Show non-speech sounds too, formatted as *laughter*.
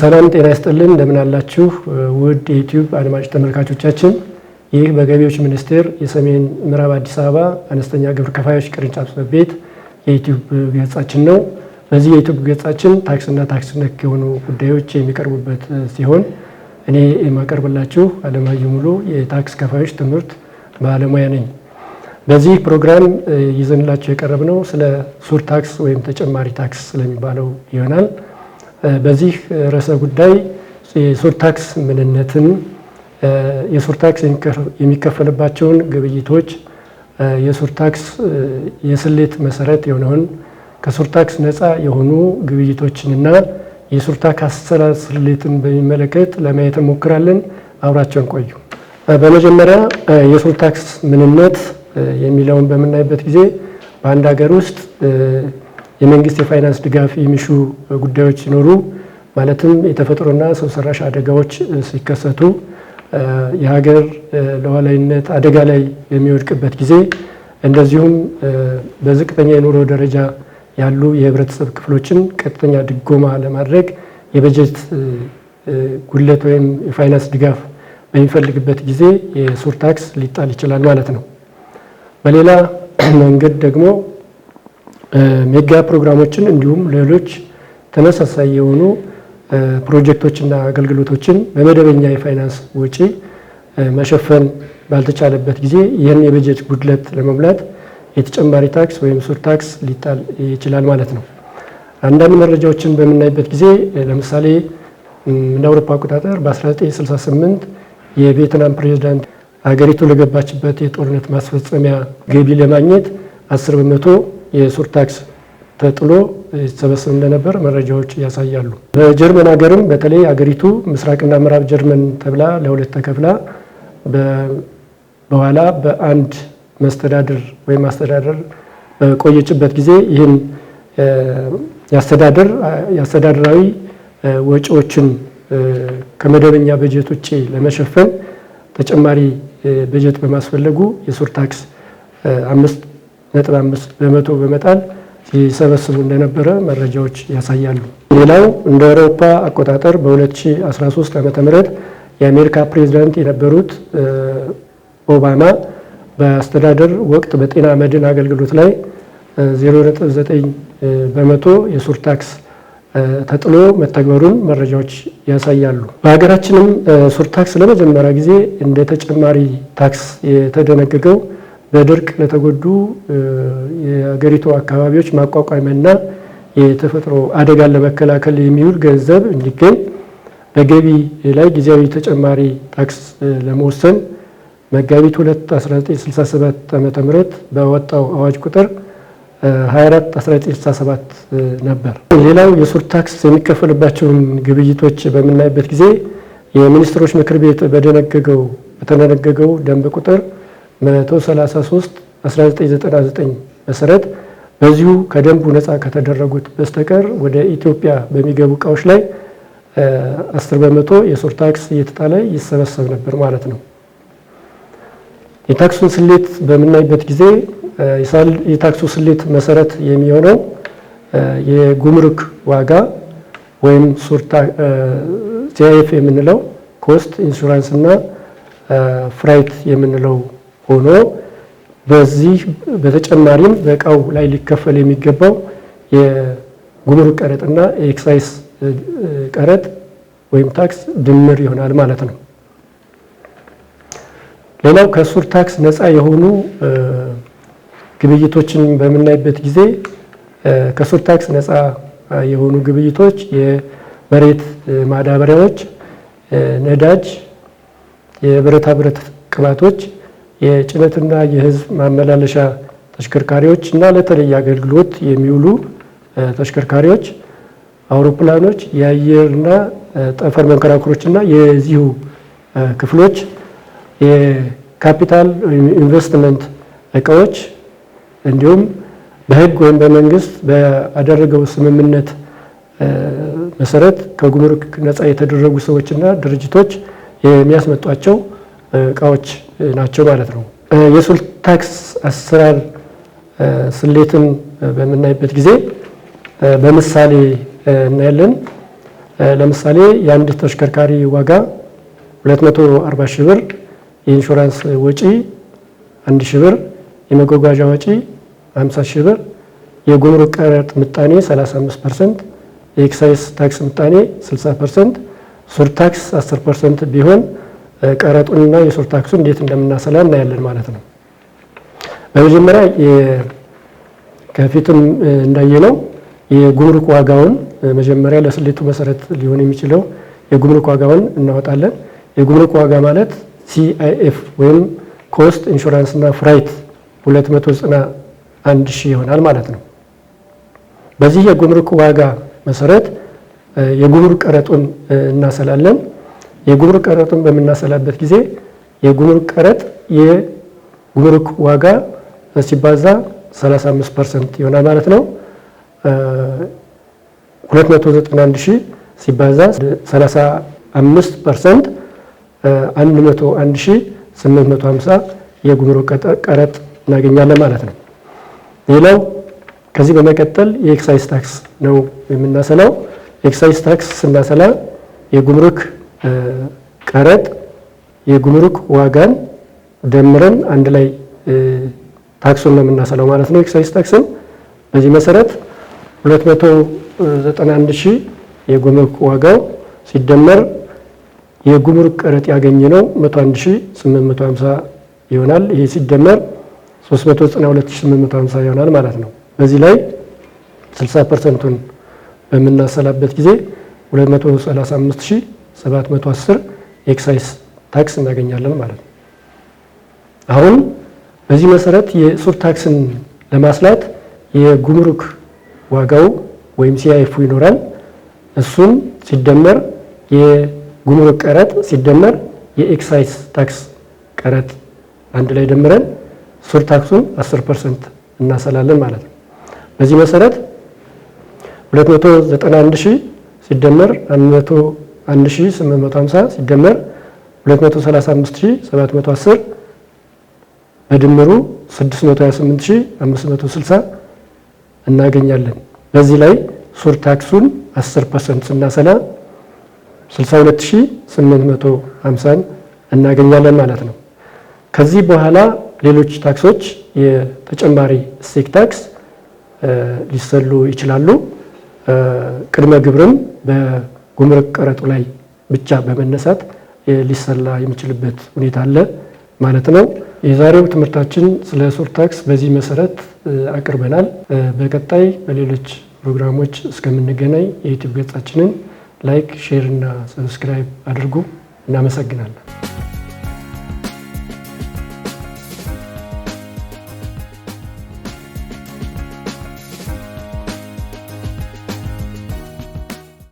ሰላም ጤና ይስጥልን እንደምን አላችሁ ውድ የዩቲዩብ አድማጭ ተመልካቾቻችን። ይህ በገቢዎች ሚኒስቴር የሰሜን ምዕራብ አዲስ አበባ አነስተኛ ግብር ከፋዮች ቅርንጫፍ ጽሕፈት ቤት የዩቲዩብ ገጻችን ነው። በዚህ የዩቲዩብ ገጻችን ታክስና ታክስ ነክ የሆኑ ጉዳዮች የሚቀርቡበት ሲሆን እኔ የማቀርብላችሁ አለማየሁ ሙሉ የታክስ ከፋዮች ትምህርት ባለሙያ ነኝ። በዚህ ፕሮግራም ይዘንላችሁ የቀረብነው ስለ ሱር ታክስ ወይም ተጨማሪ ታክስ ስለሚባለው ይሆናል። በዚህ ርዕሰ ጉዳይ የሱር ምንነትን፣ የሱር የሚከፈልባቸውን ግብይቶች፣ የሱር የስሌት መሰረት የሆነውን ከሱር ነፃ የሆኑ ግብይቶችንና የሱር ታክስ አሰራር ስሌትን በሚመለከት ለማየት እንሞክራለን። አብራቸውን ቆዩ። በመጀመሪያ የሱር ምንነት የሚለውን በምናይበት ጊዜ በአንድ ሀገር ውስጥ የመንግስት የፋይናንስ ድጋፍ የሚሹ ጉዳዮች ሲኖሩ ማለትም የተፈጥሮና ሰው ሰራሽ አደጋዎች ሲከሰቱ የሀገር ሉዓላዊነት አደጋ ላይ የሚወድቅበት ጊዜ እንደዚሁም በዝቅተኛ የኑሮ ደረጃ ያሉ የህብረተሰብ ክፍሎችን ቀጥተኛ ድጎማ ለማድረግ የበጀት ጉድለት ወይም የፋይናንስ ድጋፍ በሚፈልግበት ጊዜ የሱር ታክስ ሊጣል ይችላል ማለት ነው። በሌላ *clears throat* መንገድ ደግሞ ሜጋ ፕሮግራሞችን እንዲሁም ሌሎች ተመሳሳይ የሆኑ ፕሮጀክቶችና አገልግሎቶችን በመደበኛ የፋይናንስ ወጪ መሸፈን ባልተቻለበት ጊዜ ይህን የበጀት ጉድለት ለመሙላት የተጨማሪ ታክስ ወይም ሱር ታክስ ሊጣል ይችላል ማለት ነው። አንዳንድ መረጃዎችን በምናይበት ጊዜ ለምሳሌ እንደ አውሮፓ አቆጣጠር በ1968 የቪየትናም ፕሬዚዳንት ሀገሪቱ ለገባችበት የጦርነት ማስፈጸሚያ ገቢ ለማግኘት 10 በመቶ የሱር ታክስ ተጥሎ ይሰበሰብ እንደነበር መረጃዎች ያሳያሉ። በጀርመን ሀገርም በተለይ አገሪቱ ምስራቅና ምዕራብ ጀርመን ተብላ ለሁለት ተከፍላ በኋላ በአንድ መስተዳድር ወይም አስተዳደር በቆየችበት ጊዜ ይህን የአስተዳደራዊ ወጪዎችን ከመደበኛ በጀት ውጭ ለመሸፈን ተጨማሪ በጀት በማስፈለጉ የሱር ታክስ አምስት ነጥብ አምስት በመቶ በመጣል ሲሰበስቡ እንደነበረ መረጃዎች ያሳያሉ። ሌላው እንደ አውሮፓ አቆጣጠር በ2013 ዓ ም የአሜሪካ ፕሬዚዳንት የነበሩት ኦባማ በአስተዳደር ወቅት በጤና መድን አገልግሎት ላይ 0.9 በመቶ የሱር ታክስ ተጥሎ መተግበሩን መረጃዎች ያሳያሉ። በሀገራችንም ሱር ታክስ ለመጀመሪያ ጊዜ እንደ ተጨማሪ ታክስ የተደነገገው በድርቅ ለተጎዱ የሀገሪቱ አካባቢዎች ማቋቋሚያና የተፈጥሮ አደጋን ለመከላከል የሚውል ገንዘብ እንዲገኝ በገቢ ላይ ጊዜያዊ ተጨማሪ ታክስ ለመወሰን መጋቢት 2 1967 ዓ.ም በወጣው አዋጅ ቁጥር 24 1967 ነበር። ሌላው የሱር ታክስ የሚከፈልባቸውን ግብይቶች በምናይበት ጊዜ የሚኒስትሮች ምክር ቤት በደነገገው በተደነገገው ደንብ ቁጥር 133 1999 መሰረት በዚሁ ከደንቡ ነፃ ከተደረጉት በስተቀር ወደ ኢትዮጵያ በሚገቡ እቃዎች ላይ 10 በመቶ የሱር ታክስ እየተጣለ ይሰበሰብ ነበር ማለት ነው። የታክሱን ስሌት በምናይበት ጊዜ የታክሱ ስሌት መሰረት የሚሆነው የጉምሩክ ዋጋ ወይም ሲአይኤፍ የምንለው ኮስት ኢንሹራንስ እና ፍራይት የምንለው ሆኖ በዚህ በተጨማሪም በእቃው ላይ ሊከፈል የሚገባው የጉምሩክ ቀረጥና የኤክሳይዝ ቀረጥ ወይም ታክስ ድምር ይሆናል ማለት ነው። ሌላው ከሱር ታክስ ነፃ የሆኑ ግብይቶችን በምናይበት ጊዜ ከሱር ታክስ ነፃ የሆኑ ግብይቶች የመሬት ማዳበሪያዎች፣ ነዳጅ፣ የብረታ ብረት ቅባቶች የጭነትና የህዝብ ማመላለሻ ተሽከርካሪዎች እና ለተለየ አገልግሎት የሚውሉ ተሽከርካሪዎች፣ አውሮፕላኖች፣ የአየርና ጠፈር መንከራክሮች እና የዚሁ ክፍሎች የካፒታል ኢንቨስትመንት እቃዎች እንዲሁም በህግ ወይም በመንግስት በአደረገው ስምምነት መሰረት ከጉምሩክ ነፃ የተደረጉ ሰዎችና ድርጅቶች የሚያስመጧቸው እቃዎች ናቸው ማለት ነው። የሱል ታክስ አሰራር ስሌትን በምናይበት ጊዜ በምሳሌ እናያለን። ለምሳሌ የአንድ ተሽከርካሪ ዋጋ 240 ሺህ ብር፣ የኢንሹራንስ ወጪ 1 ሺህ ብር፣ የመጓጓዣ ወጪ 50 ሺህ ብር፣ የጉምሩክ ቀረጥ ምጣኔ 35 ፐርሰንት፣ የኤክሳይዝ ታክስ ምጣኔ 60 ፐርሰንት፣ ሱር ታክስ 10 ፐርሰንት ቢሆን ቀረጡንና የሶፍት ታክሱን እንዴት እንደምናሰላ እናያለን ማለት ነው። በመጀመሪያ ከፊትም እንዳየነው የጉምሩክ ዋጋውን መጀመሪያ ለስሌቱ መሰረት ሊሆን የሚችለው የጉምሩክ ዋጋውን እናወጣለን። የጉምሩክ ዋጋ ማለት ሲአይኤፍ ወይም ኮስት ኢንሹራንስ እና ፍራይት 291 ሺህ ይሆናል ማለት ነው። በዚህ የጉምሩክ ዋጋ መሰረት የጉምሩክ ቀረጡን እናሰላለን። የጉምሩክ ቀረጡን በምናሰላበት ጊዜ የጉምሩክ ቀረጥ የጉምሩክ ዋጋ ሲባዛ 35 ፐርሰንት ይሆናል ማለት ነው። 291 ሺህ ሲባዛ 35 ፐርሰንት 101 ሺህ 850 የጉምሩክ ቀረጥ እናገኛለን ማለት ነው። ሌላው ከዚህ በመቀጠል የኤክሳይዝ ታክስ ነው የምናሰላው። ኤክሳይዝ ታክስ ስናሰላ የጉምሩክ ቀረጥ የጉምሩክ ዋጋን ደምረን አንድ ላይ ታክሱን ነው ማለት ነው። ኤክሳይዝ ታክስን በዚህ መሰረት 291 ሺህ የጉምሩክ ዋጋው ሲደመር የጉምሩክ ቀረጥ ያገኘ ነው 101850 ይሆናል። ይሄ ሲደመር 392850 ይሆናል ማለት ነው። በዚህ ላይ 60 ፐርሰንቱን በምናሰላበት ጊዜ 235000 710 ኤክሳይስ ታክስ እናገኛለን ማለት ነው። አሁን በዚህ መሰረት የሱር ታክስን ለማስላት የጉምሩክ ዋጋው ወይም ሲአይፉ ይኖራል። እሱም ሲደመር የጉምሩክ ቀረጥ ሲደመር የኤክሳይስ ታክስ ቀረጥ አንድ ላይ ደምረን ሱር ታክሱን 10 ፐርሰንት እናሰላለን ማለት ነው። በዚህ መሰረት 291 ሲደመር 1850 ሲደመር 235710 በድምሩ 628560 እናገኛለን። በዚህ ላይ ሱር ታክሱን 10 ፐርሰንት ስናሰላ 62850 እናገኛለን ማለት ነው። ከዚህ በኋላ ሌሎች ታክሶች የተጨማሪ እሴት ታክስ ሊሰሉ ይችላሉ። ቅድመ ግብርም ጉምሩክ ቀረጡ ላይ ብቻ በመነሳት ሊሰላ የሚችልበት ሁኔታ አለ ማለት ነው። የዛሬው ትምህርታችን ስለ ሱር ታክስ በዚህ መሰረት አቅርበናል። በቀጣይ በሌሎች ፕሮግራሞች እስከምንገናኝ የዩቲዩብ ገጻችንን ላይክ፣ ሼር እና ሰብስክራይብ አድርጉ። እናመሰግናለን።